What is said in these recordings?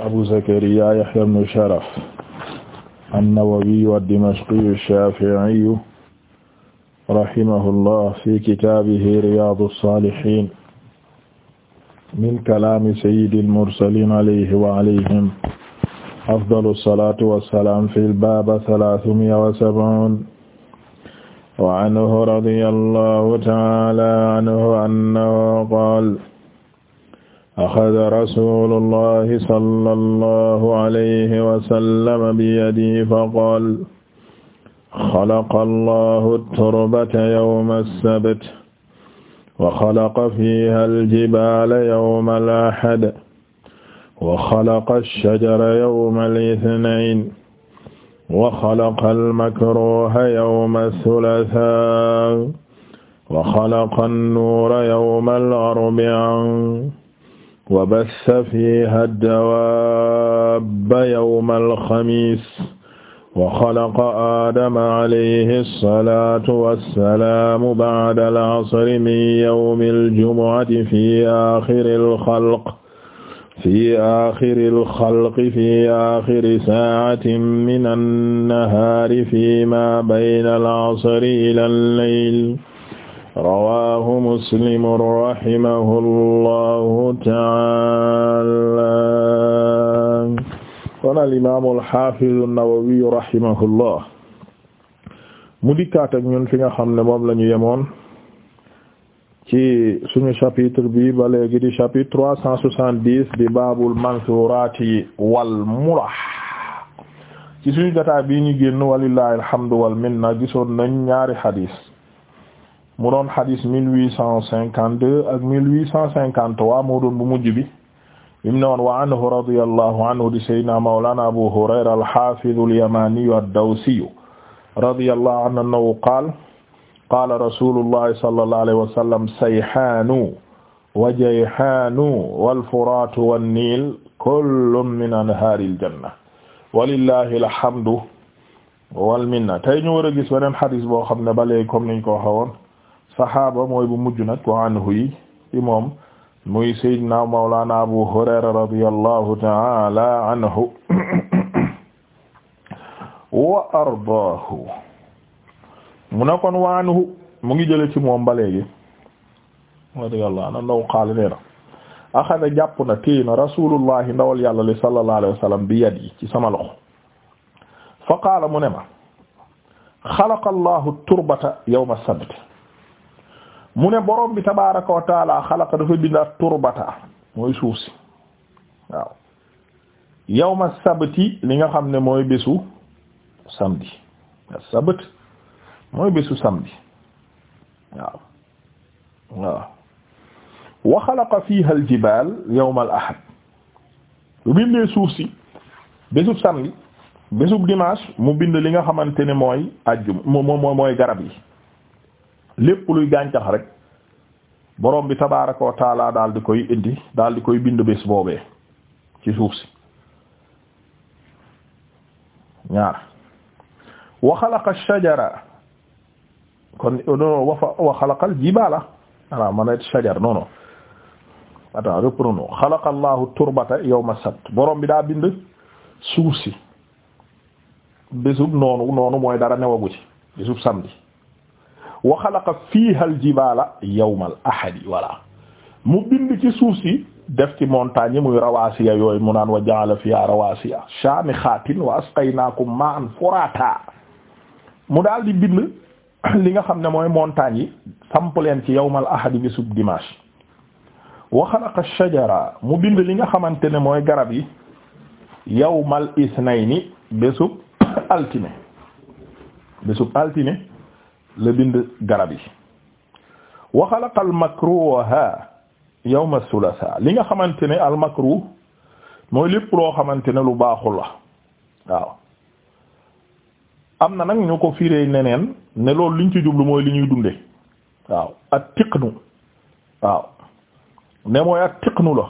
abu zakariya yahya ibn sharaf an-nawawiyu ad-dimashqiyu ash-shafi'iyu rahimahullah fi kitaabihi riyaadu saalihiin min kalaami sayyidil mursaliin alayhi wa alayhim afdalu salaatu wa salaam fil baab salaasumi'a wa sab'uun wa anhu radiyallahu ta'aala anhu annahu qaala axada rasulullahi sallallahu alayhi wa sallam biyadihi faqaala xalaqa allahu turbata yawma sabt wa xalaqa fiiha aljibaala yawma al-ahad wa xalaqa ash-shajara yawma al-ithnayn wa xalaqa al-makruuha yawma ath-thulathaa wa xalaqa an-nuura yawma al-arbi'aa wa bassa fiiha dawaabba yawmal xamiis wa xalaqa aadama alayhi salaatu wa salaamu ba'dal asri min yawmil jumu'ati fii aaxiril xalq fii aaxiril xalqi fii aaxiri saacatin minan nahaari fiimaa baynal asri ilal layl rawaahu muslim rahimahullahu ta'ala kon al imaamu al xaafizu an-Nawawi rahimahullah mu dikkaat ak ñun fi nga xam ne moom la ñu yemoon ci suñu chapitre bi ba léegi di chapitre trois cent soixante-dix di baabul mansuuraati wal mulah ci suñu jotaay bii ñu génn walillahi alhamdu wal minna gisoon nañ ñaari xadiis mu doon xadis mille huit cent cinquante deux ak mille huit cent cinquante trois moo doon bu mujj bi im ne woon wa anhu radiyallahu anhu di sayyidina mawlana abu hurayra al-hafizu al-yamaniyu ad-dawsiyu radiyallahu anhu annahu qaala qaala rasulullahi sallallahu alayhi wa sallam sayhaanu wa jayhaanu wal-furaatu wan-niil kullun min anhaaril janna walillahi alhamdu wal minna tey ñu war a gis beneen xadis boo xam ne ba léegi comme niñ ko waxee woon saxaaba mooy bu mujj wa anhu yi ci moom muy sayyidina mawlana abu hurayra radiyallahu ta'ala anhu wa ardaahu mu ne kon wa anhu mu ngi jële ci moom ba léegi radiyallahu anhu ndaw qaala nee na axada jàpp na téy na rasulullahi ndawal yàlla li sallallahu alayhi bi yadi ci sama loxo fa qaala mu ne ma xalaqa allahu turbata yawma sabt mu ne borom bi tabaaraka wa taala dafa bind turbata mooy suuf si waaw yawma sabti li nga xam ne mooy bésu samedi sabt mooy bésu samedi waaw waaw wa xalaqa fiha al ahad lu bindee suuf si bésub samedi bésub dimanche mu bind li nga xamante ne mooy ajjum moom mooy garab yi lépp luy gàncax rek borom bi tabaaraka daal di koy indi daal di koy bind bés boobee ci suuf si ñaar wa xalaqa shajara kon non wa xalaqal jibaala voilà man shajar non non attends reprenons xalaqa Allahu turbata yawma sabt borom bi daa bind suuf si bésub noonu noonu mooy dara newagu ci bésub wa xalaqa fiiha al jibaala yawmal ahadi voilà mu bind ci suuf si def ci montagne yi muy rawaasiya yooyu mu naan wa ja'ala fiha rawaasiya shaamixaatin wa asqaynaakum ma'an furaata mu daal di bind li nga xam ne mooy montagne yi samp leen ci yawmal ahadi bisub dimanche wa xalaqa shajara mu bind li nga xamante ne mooy garab yi yawmal isnayni bésub altine bésub altine la bind garab yi wa xalaqa al makruha yawm ath li nga xamante ne al makruh mooy lépp loo xamante ne lu baaxul la waaw am na nag ñu ko firee neneen ne loolu liñ ci jublu mooy li ñuy dunde waaw at tiqnu waaw ne mooy at tiqnu la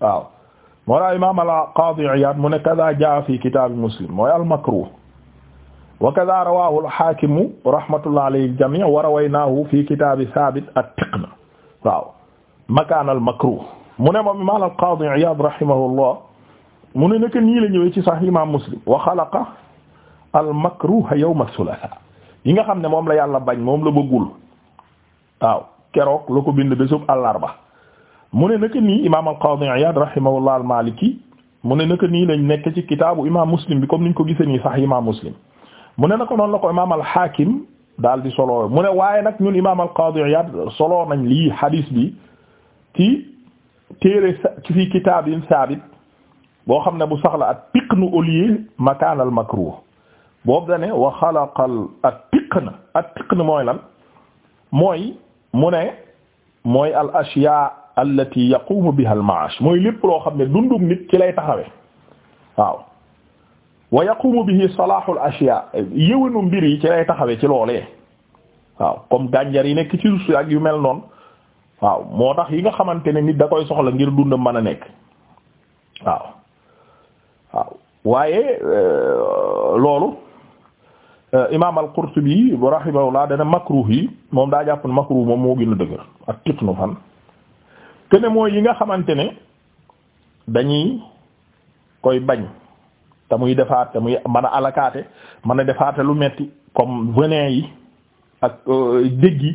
waaw moo la imaam al qaadi Iyaad mu ne kada jaa fi kitaabi muslim mooy al wa kaza rawahu al-Hakim rahmatullahi alayhi al-jami' wa rawaynaahu fi kitaabi Thabit at-Tiqn waaw makaan al-makruh mu ne moom imaam al-Qaadi Iyaad rahimahullah mu ne nag nii la ñëwee ci Sahih imaam Muslim wa xalaqa al-makruha yawma thulatha yi nga xam ne moom la yàlla bañ moom la bëggul waaw keroog la ko bind bésub àllarba mu ne nag nii imaam al-Qaadi Iyaad rahimahullah al-Maliki mu ne nag nii lañ nekk ci kitaabu imaam Muslim bi comme niñ ko gisee nii Sahih imaam Muslim mu ne na ko noonu la ko imaam al-Hakim daal di solo mu ne waaye nag ñun imaam al-Qadi solo nañ lii hadis bi ci téere fi kitaabin saabit boo xam ne bu saxla at-tiqn au lieu makaan al-makruh boobu dane wa at-tiqn at-tiqn lan mooy mu ne mooy al ashyaa allati yaqumu biha al-ma'ash mooy lépp loo xam ne dundum nit ci lay taxawee wa yaqumu bihi salahul ashiya yëwénu mbir yi ci lay taxawee ci loolee waaw comme gànjar yi nekk ci suuf si ak yu mel noonu waaw moo tax yi nga xamante ne nit da koy soxla ngir dund mën a nekk waaw waaw waaye euh, loolu euh, imaam al bi bu rahimahullah dana makruh yi moom daa jàpp ne makruh moom moo gën a dëgër ak tiqnu fan kene mooy yi nga xamante ne dañuy koy bañ te muy defaat te muy mën a alakaate mën a defaate lu metti comme venin yi ak euh, dégg yi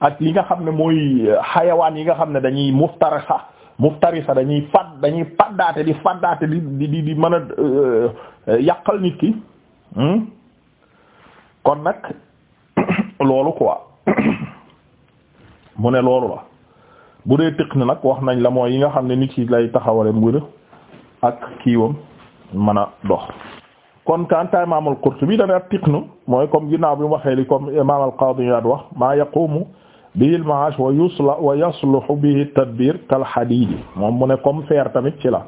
ak li nga xam ne mooy euh, xayawaan yi nga xam ne dañuy muftara sax muftari sax dañuy fad dañuy faddaate di faddaate di di di di mën a euh, yàqal nit ki hmm? kon nag loolu quoi mu ne loolu la bu dee tëq ni nag wax nañ la mooy yi nga xam ne nit ki lay taxawale mbir ak kiiwam mën a dox kon kanta imam al-Qurtubi dane ak tiqnu mooy comme ginnaaw bi mu waxee li comme imam al-Qadi Iyaad wax maa yaqumu bihi al-ma'ash wa yusla wa yasluhu bihi at-tadbir kal-hadid moom mu ne comme fer tamit ci la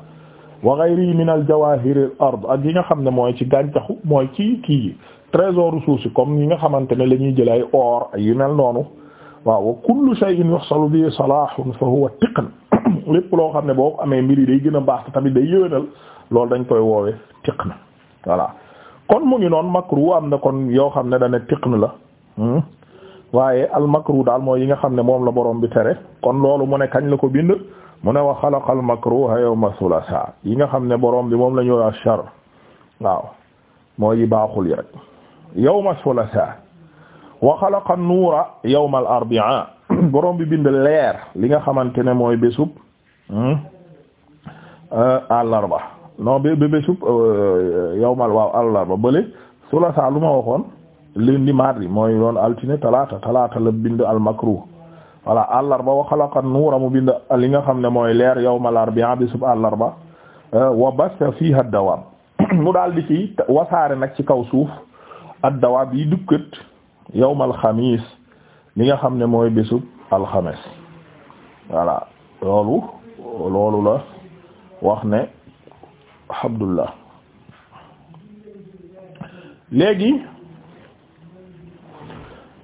wa ghayri min al-jawahir al-ard ak yi nga xam ne mooy ci gàncaxu mooy ci kii yi trésor ressource comme yi nga xamante ne la ñuy jël ay or yu mel noonu waaw wa kullu shay'in yuhsalu bihi salahun fa huwa tiqn lépp loo xam ne boo ko amee mbir yi day gën a baax tamit day yëwénal loolu dañ koy woowe tiq na voilà kon mu ngi noon makru am na kon yoo xam ne dane tiq la hmm? waaye al makru daal mooy yi nga xam ne moom la boroom bi tere kon loolu mu ne kañ la ko bind mu ne wa xalaqal makruha yawma sulasa yi nga xam ne boroom bi moom la ñuy ashar waaw mooy yi baaxul yi rek yawma sulasa wa xalaqa nuura yawmal arbi'a boroom bi bind leer li nga xamante ne mooy bésub hmm? euh, àllarba non ba ba bésub euh, yawmal waaw àllarba bële sulasa lu ma waxoon lundi mardi mooy doon altine talaata talaata la bind al makruh voilà àllarba wa xalaqa bind li nga xam ne mooy leer yawmal arbi'a ah, bésub àllarba euh, wa basta fiha ad mu daal di ci wasaare nag ci kaw suuf ad yi dukkat yawmal xamiis li nga xam ne mooy bésub alxames voilà loolu loolu la wax ne. alhamdulillah léegi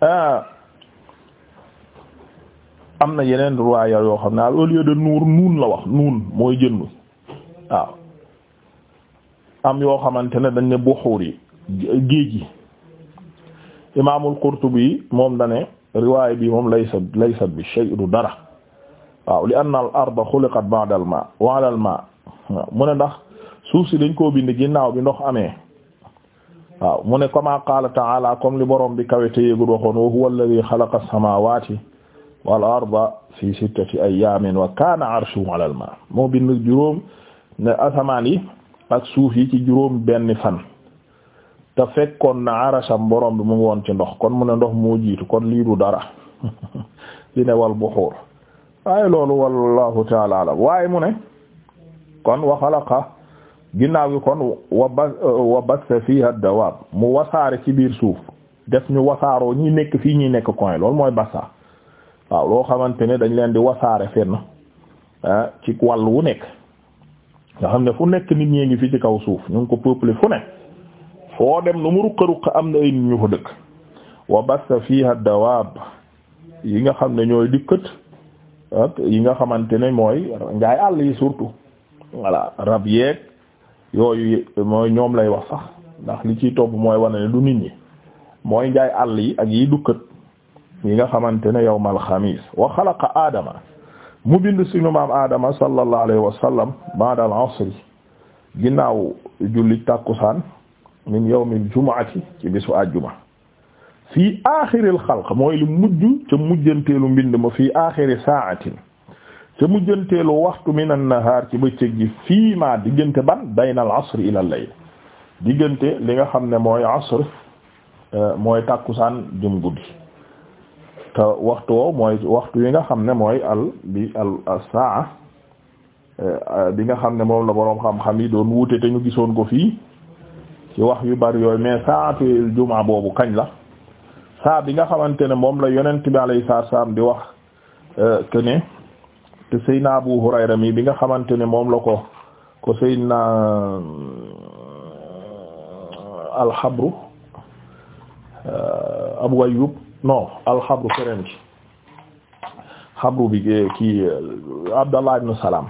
euh, am na yeneen riwaaya yoo xam ne al au lieu nuur nuun la wax nuun mooy jëndu waaw am yoo xamante ne dañ ne buxuur yi géej yi imaamul Qurtubi moom da riwaaya bi moom laysa laysa bi shay'u dara waaw li anna al xuliqat ba'da al ma wa ala mu ne ndax suuf si dañ koo bind ginnaaw bi ndox amee waaw mu ne kama qaala ta'ala comme li borom bi kawe te yéegul waxoon wa huwa alladhi khalaqa as wal arda fi sittati ayyamin wa kana 'arshuhu 'ala al-ma moo bind juróom ne asamaan ak suuf yi ci juróom benn fan te fekkoon na arasam borom bi mu ngi woon ci ndox kon mu ndox moo jiitu kon lii du dara li wal buhur waaye loolu wallahu ta'ala waaye mu ne kon wa khalaqa ginnaaw gi kon wa ba wa bassa fiha dawaab mu wasaare ci biir suuf des ñu wasaaroo ñi nekk fii ñi nekk coin loolu mooy bassa waaw loo xamante ne dañ leen di wasaare fenn ah ci wàll wu nekk nga xam ne fu nekk nit ñee ngi fii ci kaw suuf ñu ngi ko peuplé fu ne foo dem lu mu ruqa-ruqa am na ay ñu fa dëkk wa bassa fiha dawaab yi nga xam ne ñooy dikkat yi nga xamante ne mooy ngaay àll yi surtout voilà rab yeeg yooyu mooy ñoom lay wax sax ndax li ciy topp mooy wane ne du nit ñi mooy njaay àll yi ak yii dukkat yi nga xamante ne yawmal xamiis wa xalaqa aadama mu bind suñu maam aadama sallallahu alayhi wa sallam ba'da al-asri ginnaaw julli tàkkusaan min yawmil jumu'ati ci bisu àjjuma fii aaxiril xalq mooy lu mujj ca mujjanteelu mbind ma fii aaxiri saatin ca mujjanteelu waxtu min na nahaar ci bëccëg gi fii ma diggante ban bayna al-asr ila al diggante li nga xam ne mooy asr euh, mooy tàkkusaan jëm guddi te waxtu woow mooy waxtu yi nga xam ne mooy al bi al saa euh, bi nga xam ne moom la boroom xam-xam yi doon wuute te ñu gisoon ko fii ci wax yu bari yooyu mais saatul jumaa boobu kañ la saa bi nga xamante ne moom la yonent bi alayhi salaam di wax euh, que te Seydina Abu Hurayra mi bi nga xamante ne moom la ko ko Seydina euh, alxabru euh, Abu Ayyub non alxabru keneen ci xabru bi eh, kii euh, Abdallah ibn Salam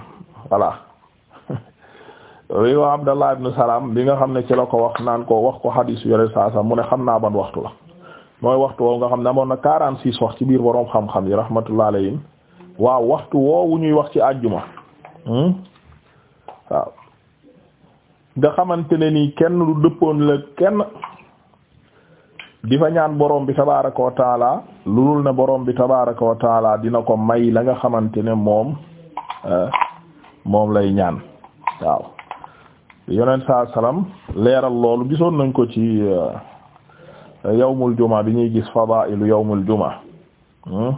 voilà yow Abdallah ibn salaam bi nga xam ne ci la ko wax naan ko wax ko xadiis yore saa saa mu ne xam naa ban waxtu la mooy waxtu woowu nga xam ne amoon na quarante six wax ci biir boroom xam-xam yi rahmatullah alayhim waaw waxtu woowu ñuy wax ci àjjuma hmm? waaw nga xamante ne nii kenn lu dëppoon la kenn di fa ñaan borom bi tabaraka wa lu lulul ne borom bi tabaraka wa dina ko may la nga xamante ne moom eh, moom lay ñaan waaw yonent saa salaam leeral loolu gisoon nañ ko ci eh, yawmul juma bi ñuy gis fadailu yawmul juma hmm?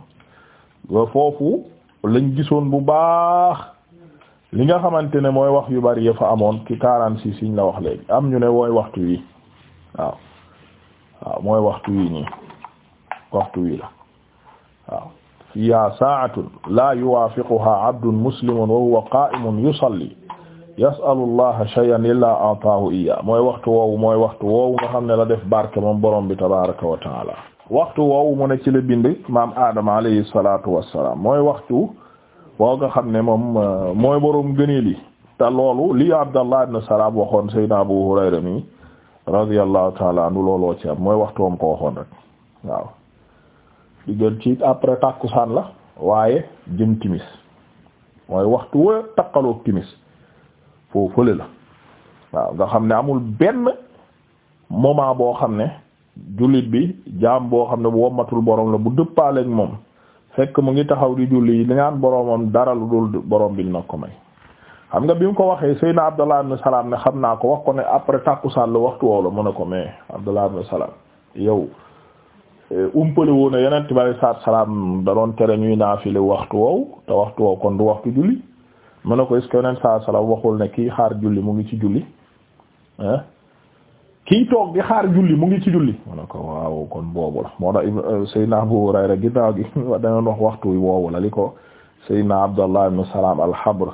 foofu lañ gisoon bu baax li nga xamante ne mooy wax yu bari ya fa amoon ki quarante six yiñ la wax léegi am ñu ne mooy waxtu wi waaw mooy waxtu wi nii waxtu wi la waaw fiha saatun la yuwaafiquha abdun muslimun wa huwa qa'imun yusalli yasalu allaha shay'an illa ataahu iya mooy waxtu woowu mooy waxtu woowu nga xam ne la def barke moom borom bi tabaraka wa taala waxtu woowu mu ne ci la bind maam Adama alayhi salaatu wassalaam mooy waxtu woo nga xam ne moom euh, mooy boroom gëneel yi te loolu li Abdallah ibn Salaam waxoon Seydina Abu Hurayra mi radiyallahu taala anhu looloo ci am mooy waxtu wam ko waxoon rek waaw diggal ci après tàkkusaan la waaye jëm timis mooy waxtu wa takkaloog timis foofu fële la waaw nga xam ne amul benn moment boo xam ne jullit bi jaam boo xam ne bu wommatul borom la bu dëppaaleeg moom fekk mu ngi taxaw di julli li ngaan boromam dara lu dul borom bi na ko may. xam nga bi mu ko waxee Seydina Abdallah ibn Salam ne xam naa ko wax ko ne après tàkkusaan la waxtu woo la mu ne ko mais Abdallah ibn Salam yow eh, umpale woo ne yeneen tubaab yi salaam da doon tere ñuy naafile waxtu woowu te waxtu woowu kon du waxtu julli mu ne ko est-ce que yeneen saa salaam waxul ne kii xaar julli mu ngi ci julli ah. kii toog di xaar julli mu ngi ci julli ma moo tax euh, Seydina Abu Hurayra ginnaaw gi danoon waxtu woowu la li ko Seydina Abdallah ibn Salam al-Habr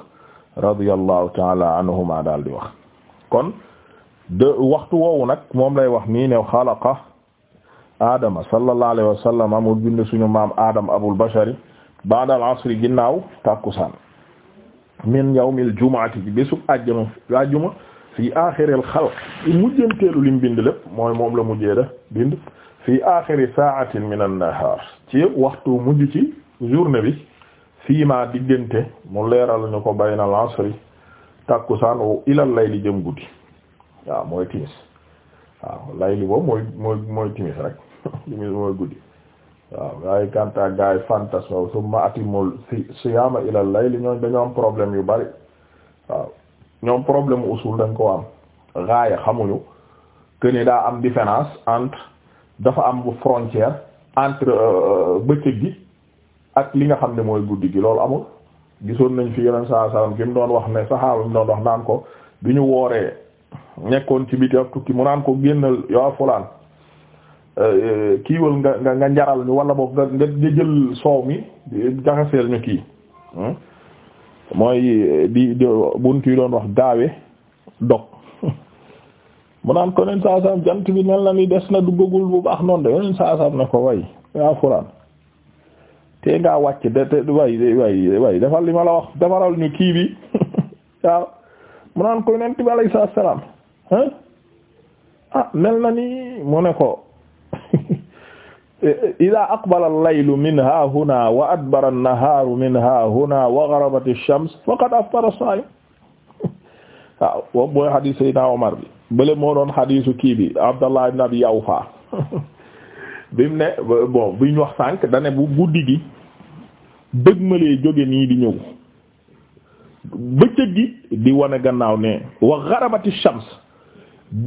ta'ala anhuma daal di wax kon waxtu woowu nag moom lay wax nii ne xalaqa Adama sallallahu alayhi wa sallam amul bind suñu maam Adam Abul Bashari ba'da al-asri ginnaaw tàkkusaan min yawmil jumu'ati bi bisub àjjuma àjjuma fii aaxiril xalq i mujjanteelu lim bind lépp mooy moom la mujjee def bind fii aaxiri saatin min an-nahaar ci waxtu mujj ci journée bi fii ma diggante mu leeral ñu ko bayna al-asri tàkkusaan ilal li jëm guddi waaw mooy timis waaw layli boobu mooy mooy mooy timis rek timis mooy guddi waaw gaay kanta gaay fantasme summa atimul siyaama ilal layli ñooñ dañoo am problème yu bari waaw ñoom problème usul dañ ko am gaaya xamuñu que ni daa am différence entre dafa am bu frontière entre euh, euh, bëccëg gi ak li nga xam ne mooy guddi gi loolu amul gisoon nañ fi yeneen saa salaam ki mu doon wax ne saxaaba mu doon wax naan ko du ñu wooree nekkoon ci biti ak tukki mu naan ko génnal yow fulaan euh, kiiwal nga nga nga njaral ñu wala boog nga nga jël soow mi jaxaseel ñu kii hmm? mooy eh, di di bunt yi doon wax gaawe dog mu naan ko neen saasam jant bi mel na ni des na duggagul bu baax noonu de yoneen saasam ne ko way yaa fulaan te ngaa wàcc de te way way way defal li ma wax defaral ñu kii bi waaw mu naan ko yonent bi alayhi salaam ah mel na ni mu ne ko ida aqbala allaylu min ha huna wa adbara annahaaru min ha huna wa garabat shams faqad aftara as waaw boobu mooy xadiis Seydina Omar bi bële moo doon xadiisu kii bi Abdallah ibn Abi Awfa bi mu ne bon buñ wax sànq dane bu guddi gi dëgmalee jóge nii di ñëw bëccëg gi di wane gannaaw ne wa gharabati shams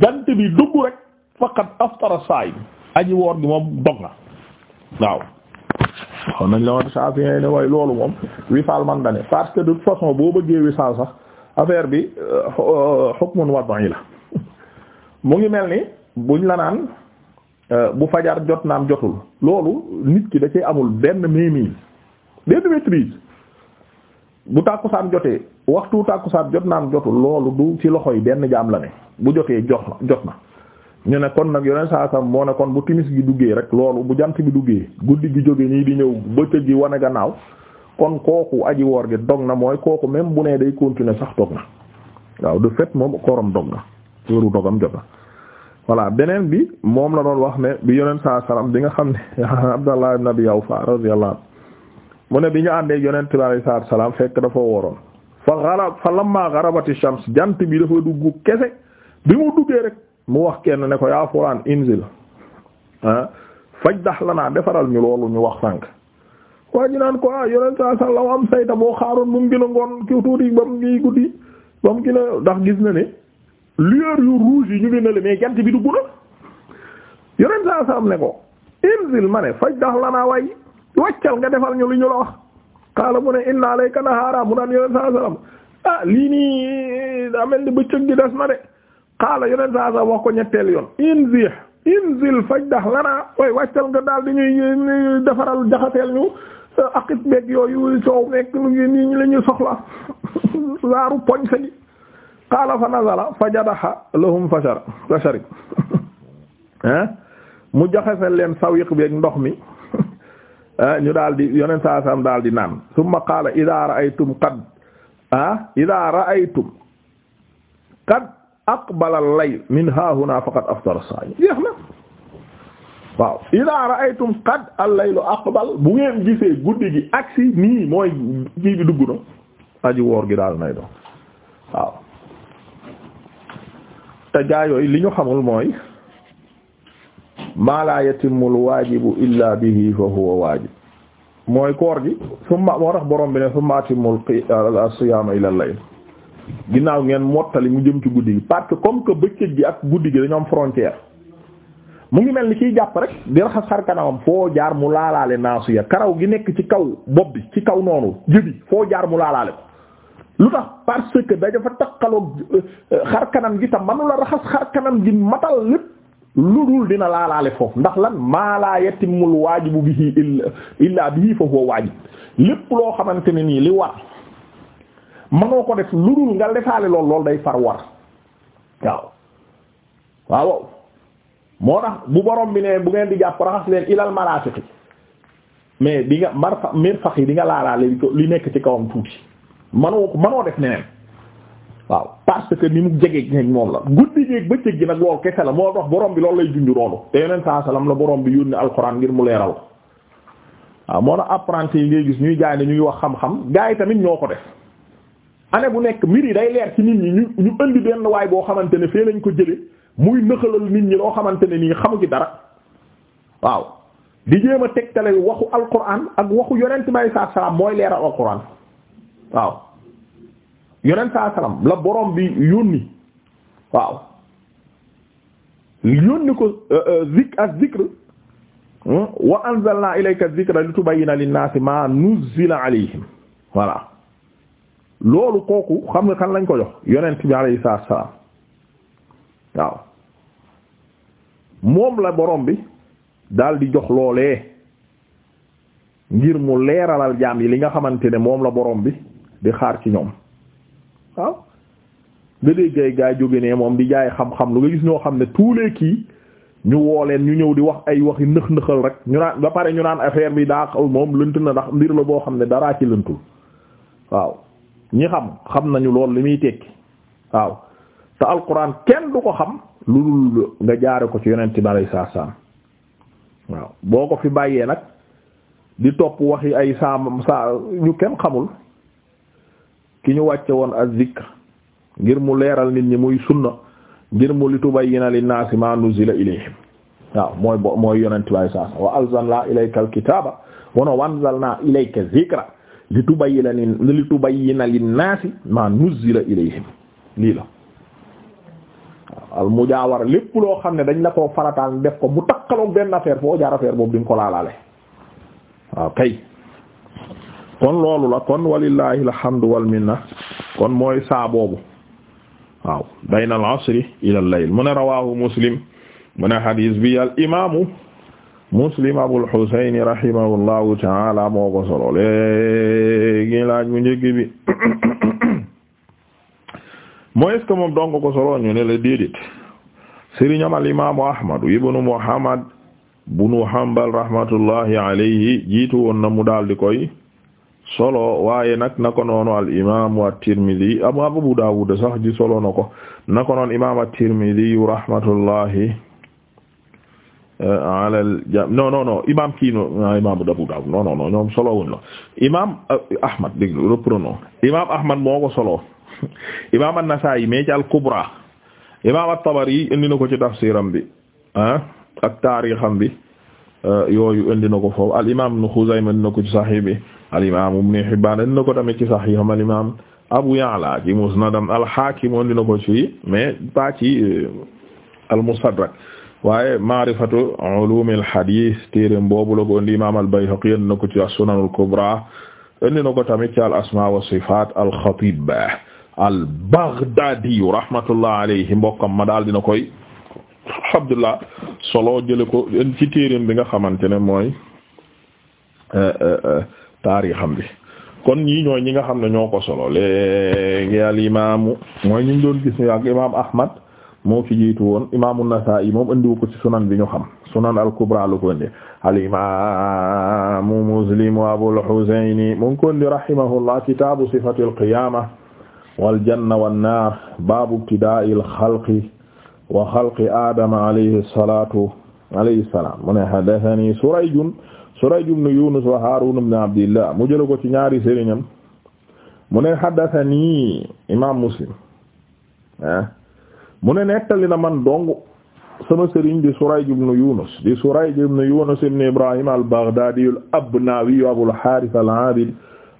jant bi dugg rek faqat aftara saayim aji woor gi moom dog na waaw xaw nañ la woon Shafi'i ne way loolu moom wisaal man da ne parce que de toute façon boo bëggee wisaal sax affaire bi euh, hukmun yi la mu ngi mel ni buñ la naan euh, bu fajar jot naam jotul loolu nit ki da cee amul benn méémii benn maîtrise bu tàkkusaan jotee waxtu tàkkusaan jot naam jotul loolu du ci loxo yi benn jaam la ne bu jotee jox na jot na. ñu ne kon nag yoneen saa sam moo ne kon bu timis gi duggee rek loolu bu jant bi duggee guddi gi jóge nii di ñëw bëccëg gi wane gannaaw kon kooku aji woor gi dog na mooy kooku même bu nee day continuer sax dog na waaw de fait moom kooram dog na heure dogam beneen bi moom la doon wax ne bi yoneen saa salam bi nga xam ne Abdallah ibn Abi Awfa radiyallahu anhu mu ne bi ñu àndee yonent bi alayhi salaatu wa salaam fekk dafa woroon fa xarab fa lamma xarabati shams jant bi dafa dugg kese bi mu duggee rek mu wax kenn ne ko yaa fulaan inzil ah fajdah lanaa defaral ñu loolu ñu wax sànq waa naan ko ah yonent saa sàlla wa am sayta boo xaaroon mu gën a ngoon ki tuuti ba mu ngi guddi ba mu gën a ndax gis na ne lueur yu rouge yi ñu ngi ne mais jant bi dugg na yonent saa sàlla ne ko inzil ma ne fajdah lanaa way wàccal nga defal ñu lu ñu la wax xaala mu ne inna alayka nahaara mu naan yonent saa sàlla ah lii nii daa mel ni bëccëg gi des na de. xaala yeneen saa saa wax ko ñetteel yoon inzih inzil fajdah lana way wàccal nga daal di ñuy defaral jaxaseel ñu uh, akit beeg yooyu soow nekk ñu ñu soxla zaaru poñ sa gi xaala fa nazala fajadaha lahum fashar fashari ah mu jaxasel leen sawiq beeg ndox mi ñu daal di yeneen saa saa daal di naan summa qaala idaa ra'aytum qad ah idaa ra'aytum qad aqbala al-layl min haahuna faqad aftara as-saa'im jeex na waaw idaa ra'aytum qad al-laylu aqbal bu ngeen gisee guddi gi aksi nii mooy kii bi dugg na aji woor gi daal nay doon waaw te gaa yooyu li ñu xamul mooy maa laa yatimmu al-waajibu illaa bihi fa huwa waajib mooy koor gi summa moo tax borom bi ne summa atimmu as-siyaama ila al-layl ginnaaw ngeen mottali mu jëm ci guddi gi parce que comme que bëccëg gi ak guddi gi dañoo am frontière mu ngi mel ni kiy jàpp rek di raxas xar foo jaar mu laalaale naasu ya karaw gi nekk ci kaw bopp bi ci kaw noonu jëbi foo jaar mu laalaale ko lu tax parce que dafa takkaloog euh, xar kanam gi tam manu la raxas xar gi matal lépp lu dul dina laalaale foofu ndax lan maa laa yatimul waajibu bihi illa illa bihi fa huwa waajib lépp loo xamante ne nii li war mënoo ko def lu dul nga defaale lool lool day far war waaw waaw moo tax bu borom bi ne bu ngeen di jàpp raxas leen ilal marafiqi mais di nga marfa mirfax yi di nga laalaale li nekk ci kawam tuuti manoo ko manoo def neneen waaw parce que ni mu jege gi moom la guddi géeg bëccëg gi nag loolu kese la moo tax borom bi loolu lay junj loolu te yeneen saa la borom bi yónni alxuraan ngir mu leeral ko waaw moo tax apprenti yi ngay gis ñuy jaay ne wax xam-xam gaa yi tamit ko def année bu nekk mbir yi day leer ci nit ñi ñu ñu indi benn waay boo xamante ne fee lañ ko jële muy nëxalal nit ñi loo xamante ne nii xamu ci dara waaw di jéem a tegtale waxu alquran ak waxu yonent bi saa salaam mooy leeral alquran waaw yonent saa salaam la borom bi yónni waaw yónni ko euh, euh, zik ak zikr hmm? wa anzalna ilayka zikra li tubayyina lin-naasi ma nuzzila alayhim voilà loolu kooku xam nga kan lañ ko jox yonent bi alayhi salaam waaw moom la borom bi daal di jox loolee ngir mu leeralal jaam yi li nga xamante ne moom la borom bi di xaar ci ñoom waaw nga déggay gaay jóge ne moom di jaay xam-xam lu nga gis ñoo xam ne tous les kii ñu woo ñu ñëw di wax ay waxi nëx-nëxal rek ñu naan ba pare ñu naan affaire bi daa moom lënt na ndax mbir la boo xam ne daraa ci lëntul waaw ñi xam xam nañu lool li muy tekki waaw te alquran kenn du ko xam lu dul nga jaare ko ci yonent bi alayhi salaam waaw boo ko fi bàyyee nag di topp waxi ay saa saa ñu kenn xamul ki ñu wàcce woon az-zikr ngir mu leeral nit ñi muy sunna ngir mu litubayyina linnaasi maa nuzila ilayhim waaw mooy bo mooy yonent bi alayhi salaam wa anzalnaa ilayka al-kitaaba wa anzalnaa ilayka zikra li tubayyina li tubayyina linnaasi ma nuzzila ilayhim lii la al mujaawara lépp loo xam ne dañ la koo farataal def ko mu takkaloog benn affaire foo jaar affaire boobu di ko laalaale waaw kay kon loolu la kon walillahi alhamdu wal kon mooy saa waaw bayna al asri ila al layl mu muslim mu ne bi al imaamu Muslim Abul Husayn rahimahullahu ta'ala moo ko solo léegi laaj mu njëkk bi mooy est moom dong ko solo ñu ne la déedéet al imaamu Ahmadu ibnu Muhammad bunu Hanbal rahmatullahi alayhi jiitu woon mu daal koy solo waaye nag nako noonu al imaamu at-Tirmidhi Abu Dawud sax ji solo na nako noonu imaamu at-Tirmidhi rahmatullahi Euh, alal jam non non non imam kii no ah, imam Abu ñoom solo wuñ la imam euh, Ahmad dégg reprenons imam Ahmad moo ko solo imam An-Nasa'i mais ci al-Kubra imam ko ci tafsiram bi ah ak bi euh, yooyu indi na ko foofu al imam Ibn Khuzaymah indi na ko ci Abu Ya'la ci Musnadam al-Hakim ko ci mais pas ci waaye maarifatu ulumil hadis téereem boobu la ko indi imaam al-Bayhaqi indi na ko ci as-Sunanul Kubra ko tamit ci al-asmaa wa sifaat al-Xatiib al-Baghdaadi rahmatullah alayhi mbokkam ma daal dina koy Abdullah solo jële ko ci téereem bi nga xamante ne mooy eh, eh, eh, taarixam bi kon ñii ñooy ñi nga xam ne ñoo ko solo léegi al imaamu mooy ñu doon gis ñu ak imaam Ahmad moo fi jiitu woon imaamu Nasaa'i moom andiwu ko ci sunan bi ñu xam sunan al-kubra lu ko indi al imaamu Muslim wa Abul Husayni mu ngi ko indi rahimahullah kitaabu sifatil qiyaama wal janna wan naar baabu ibtidaa'il xalqi wa xalqi aadama alayhi salaatu alayhi salaam mu ne haddathanii Surayjun Surayj ibn Yunus wa Haarun ibn Abdillah mu jël ko ci ñaari sëriñam mu ne haddathanii imaam Muslim ah mu ne nettali na man dong sama sëriñ di Surayj ibn Yunus di Surayj ibn Yunus ibn Ibrahim al-Baghdadi al-Abnawi Abul Harith al-Abid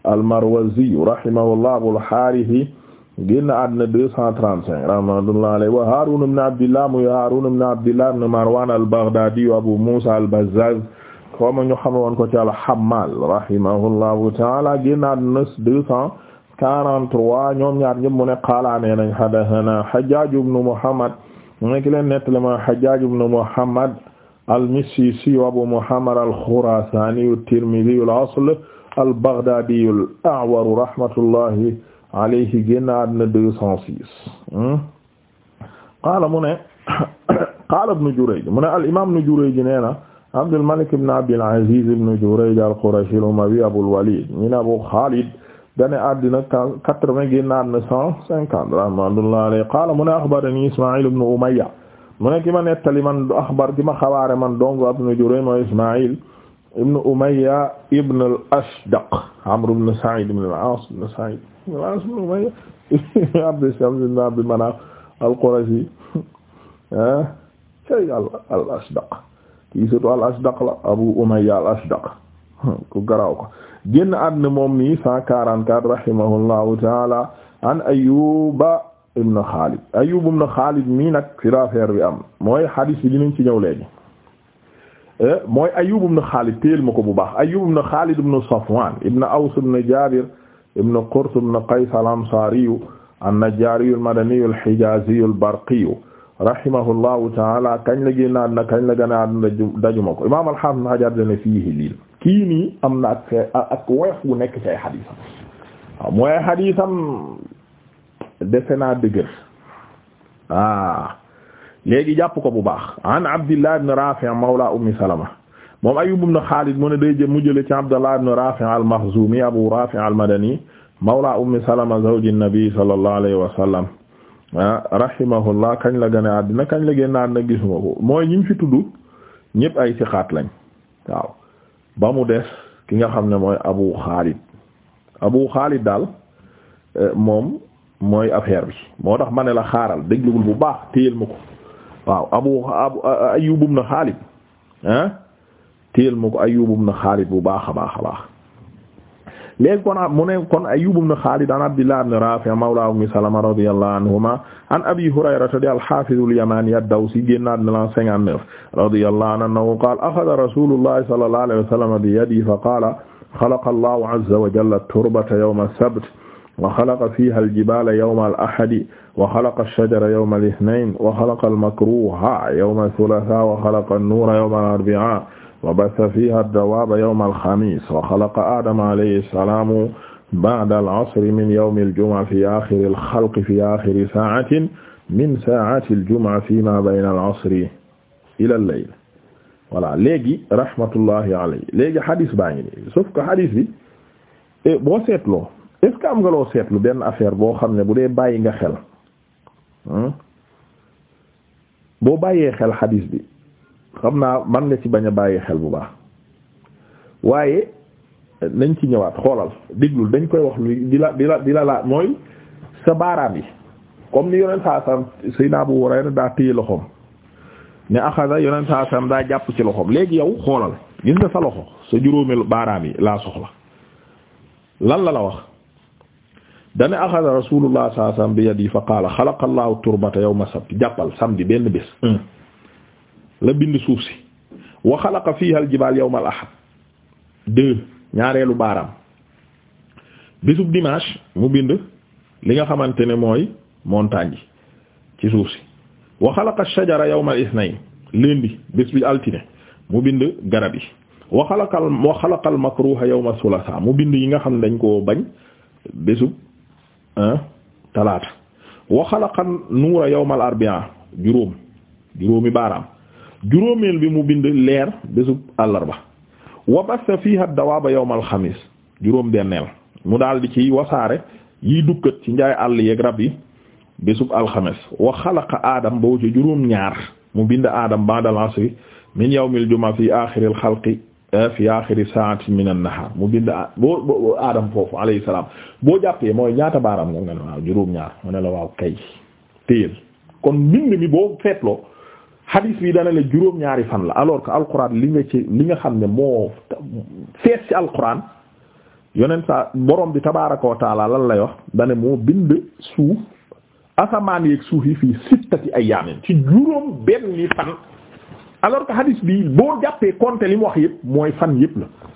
al-Marwazi rahimahullah Abul Harith génn àddina deux cent trente-cinq rahmatullahi alayhi wa Harun ibn Abdillah muy Harun ibn Abdillah ibn Marwan al-Baghdadi Abu Musa al-Bazzaz xawma ñu xamoon ko ci al-Hammal rahimahullahu ta'ala génn àddina deux cent 43 ñoom ñaar ñëpp mu ne qaala nee nañ hadathana Hajjaj ibn Muhammad mu nekk leen nettali ma Hajjaj ibn Muhammad al-Missisi wa Abu Muhammad al-Khurasani at-Tirmidhi al-asl al-Baghdadi al-A'war rahmatullahi alayhi génnaat na 206 qaala mu ne qaala Ibn Jurayj mu ne al-imam Ibn Jurayj nee na Abdul Malik ibn Abdul Aziz ibn Jurayj al-Qurashi al-Umawi Abul Walid min Abu Khalid gane àddina quatre-vingts génn àddina cent cinquante rahmatullahi alayhi qaala mu ne axbarani Ismaa'il ibn Umayya mu ne ki ma nettali man axbar ki ma xabaare man dong ibn Jurayj mooy Ismaa'il ibn Umayya ibn al-Ashdaq Amr ibn Sa'id ibn al-As ibn Sa'id ibn al-As ibn Umayya Abd Shams ibn Abd Manaf al-Qurashi ah al al-Ashdaq kii surtout al-Ashdaq la Abu Umayya al-Ashdaq ku garaaw ko génn àdduna moom mi 144 rahimahullahu taala an Ayyuba ibn Xaalid Ayyub ibn Xaalid mi nag fi bi am mooy hadith bi dinañ ci ñëw eh, mooy Ayyub ibn Xaalid téel ma ko bu baax Ayyub ibn Xaalid ibn Safwan ibn Aws ibn Jaabir ibn Qurt ibn Qays al-Ansaari an-Najjaari al-Madani al-Hijaazi taala kañ la génn àdduna kañ la gën a àdduna dajuma ko imaam kii nii am na ak woyof bu nekk ci ay xadiisam waaw mooy ay xadiisam defe naa dëgër ah léegi jàpp ko bu baax an abdillah ibn rafi' mawla ummi salama moom ayyub ibn xaalid mu ne day jë mu jële ci abdallah ibn rafi' al-makhzumi abu rafi' al-madani mawla ummi salama zawji nabi sallallahu alayhi wa sallam kañ la gën àddina kañ la gën a àddina gisuma ko mooy ñi fi tudd ñëpp ay siqaat lañ waaw ba mu des ki nga xam ne mooy abu xaalid abu xaalid daal eh, moom mooy affaire bi moo tax ma ne la xaaral déglul bu baax téyel ma ko waaw abu ayyubum na xaalid ah téyel ma ko ay ayyubum na xaalid bu baax a baax a baax léegi kon mu ne kon Ayyub ibn Khalid an Abdillah ibn Rafi' mawla Ummi Salama radiyallahu anhuma an Abi Hurayrata di al-Hafiz al-Yamani ad-Dawsi génnaat na la 59 radiyallahu anhu qala akhadha Rasulullahi sallallahu alayhi wa sallam bi yadihi fa qala khalaqa Allahu azza wa jalla at-turbata yawma as-sabt wa xalaqa fiiha aljibala yowma alahadi wa xalaqa alshajara yowma alithnain wa xalaqa almakruha yowma althulatha wa xalaqa annuura yowma alarbia wa bassa fiihaa ad-dawaaba yawmal xamiis wa xalaqa aadama alayhi salaam ba'da al-asri min yawmil jumu'a fii aaxiril xalqi fii aaxiri saacatin min saacati al-jumu'a fiimaa bayna al-asri ilal layl voilà léegi rahmatullahi alayhi léegi xadis baa ngi nii sauf que xadis bi eh, boo seetloo est ce que am nga loo seetlu benn affaire boo xam ne bu dee bàyyi nga xel hmm? boo bàyyee xel xadis bi. xam naa man nga ci bañ a bàyyi xel bu baax waaye nañ ci ñëwaat xoolal diglul dañ koy wax lu di la di la laa mooy sa baaraam yi comme ni yoneen saa sam sayna Abu Hurayra daa téye daa jàpp ci loxoom léegi yow xoolal gis nga sa loxo sa juróomi baaraam yi laa soxla lan la la wax dane axada rasulullah saa sam bi yi fa qaala xalaqa allahu turbata yawma sabti jàppal samedi benn bés la bind suuf si wa xalaqa fiha al jibal yawm al ñaareelu baaraam bisub dimanche mu bind li nga xamante ne mooy montagne yi ci suuf si wa xalaqa shajara yawm al ithnayn lundi bés bi altine mu bind garab yi wa xalaqa wa xalaqa al makruha yawm al mu bind yi nga xam ne dañ koo bañ bésub talaata wa xalaqa nuura yawm al juróom juróomi baaraam juróomeel bi mu bind leer bésub àllarba wa basta fiiha dawaaba yawmal xamis juróom benneel mu daal di ci wasaare yiy dukkat ci njaay àll yeeg rab yi bésub alxames wa xalaqa aadam boo ci juróom ñaar mu bind aadam ba'dal asri min yawmil juma fi aaxiril xalqi eh, fi aaxiri saati min an-nahar mu bind boo aadam foofu alayhi boo jàppee mooy ñaata baaraam nga nga ne waaw juróom ñaar mu ne la waaw kay téyel kon mbind mi boo feetloo hadis bi dana la juróom-ñaari fan la alors que alquran li nga ci li nga xam ne moo fees ci alxuraan yonen sa borom bi tabaaraka wa lan lay wax dane moo bind suuf asamaan yeeg suuf yi fii sittati ayyaamin ci juróom benni fan alors que hadis bi boo jàppee compter li mu wax yëpp mooy fan yëpp la